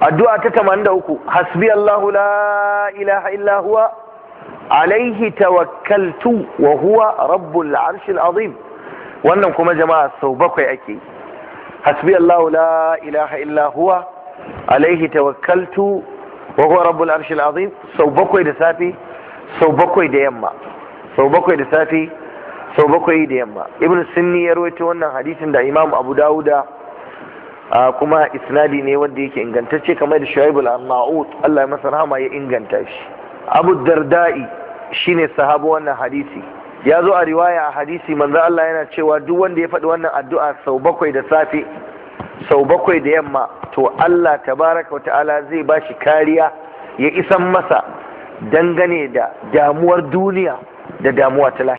addu'a ta 83 hasbi Allahu la ilaha illa huwa alaihi tawakkaltu wa huwa rabbul arshil azim wannan kuma jama'a sau bakwai ake hasbi Allahu la ilaha illa huwa alaihi tawakkaltu wa huwa rabbul arshil azim sau bakwai da safi sau bakwai da yamma sau bakwai da safi sau bakwai da yamma ibn sunni ya rawaito wannan hadisin da imam abu dawuda kuma isnadi ne wanda yake ingantacce kamar da shu'aibul anna'ut Allah ya masa rahama ya inganta shi abu dardai shine sahabu wannan hadisi ya zo a riwaya a hadisi manzo Allah yana cewa duk wanda ya faɗi wannan addu'a sau bakwai da safe sau bakwai da yamma to Allah tabaraka wa ta'ala zai ba shi kariya ya isan masa dangane da damuwar duniya da damuwa ta